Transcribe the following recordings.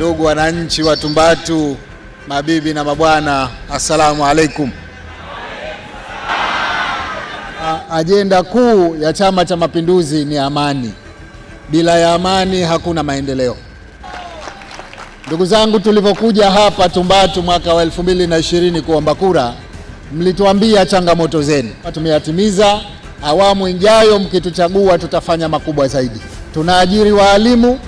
Ndugu wananchi wa Tumbatu, mabibi na mabwana, assalamu alaikum. Ajenda kuu ya Chama cha Mapinduzi ni amani. Bila ya amani hakuna maendeleo. Ndugu zangu, tulivyokuja hapa Tumbatu mwaka wa 2020 kuomba kura, mlituambia changamoto zenu, tumeyatimiza. Awamu ijayo mkituchagua, tutafanya makubwa zaidi. Tunaajiri waalimu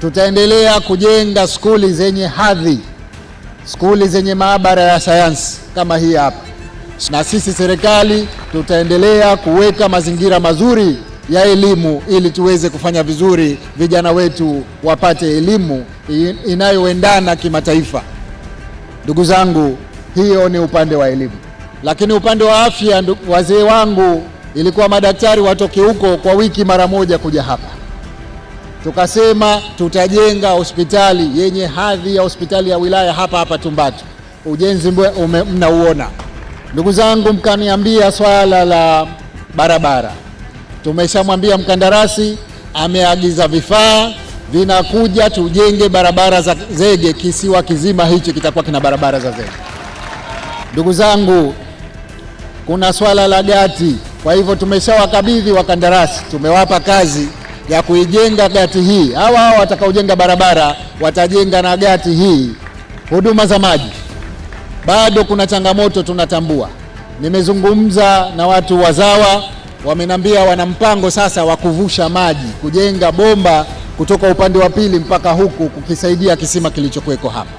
Tutaendelea kujenga skuli zenye hadhi, skuli zenye maabara ya sayansi kama hii hapa, na sisi serikali tutaendelea kuweka mazingira mazuri ya elimu ili tuweze kufanya vizuri, vijana wetu wapate elimu inayoendana kimataifa. Ndugu zangu, hiyo ni upande wa elimu, lakini upande wa afya, wazee wangu ilikuwa madaktari watoke huko kwa wiki mara moja kuja hapa tukasema tutajenga hospitali yenye hadhi ya hospitali ya wilaya hapa hapa Tumbatu. Ujenzi mnauona, ndugu zangu. Mkaniambia swala la barabara, tumeshamwambia mkandarasi, ameagiza vifaa vinakuja, tujenge barabara za zege. Kisiwa kizima hichi kitakuwa kina barabara za zege. Ndugu zangu, kuna swala la gati. Kwa hivyo tumeshawakabidhi wakandarasi, tumewapa kazi ya kuijenga gati hii. Hawa hawa watakaojenga barabara watajenga na gati hii. Huduma za maji, bado kuna changamoto tunatambua. Nimezungumza na watu wazawa, wamenambia wana mpango sasa wa kuvusha maji, kujenga bomba kutoka upande wa pili mpaka huku kukisaidia kisima kilichokuweko hapa.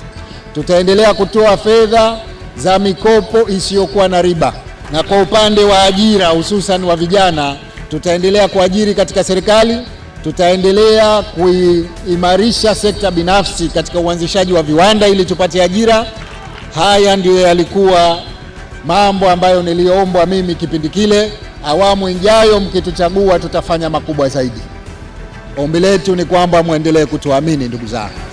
Tutaendelea kutoa fedha za mikopo isiyokuwa na riba, na kwa upande wa ajira hususan wa vijana tutaendelea kuajiri katika serikali. Tutaendelea kuimarisha sekta binafsi katika uanzishaji wa viwanda ili tupate ajira. Haya ndiyo yalikuwa mambo ambayo niliyoombwa mimi kipindi kile. Awamu ijayo mkituchagua, tutafanya makubwa zaidi. Ombi letu ni kwamba mwendelee kutuamini ndugu zangu.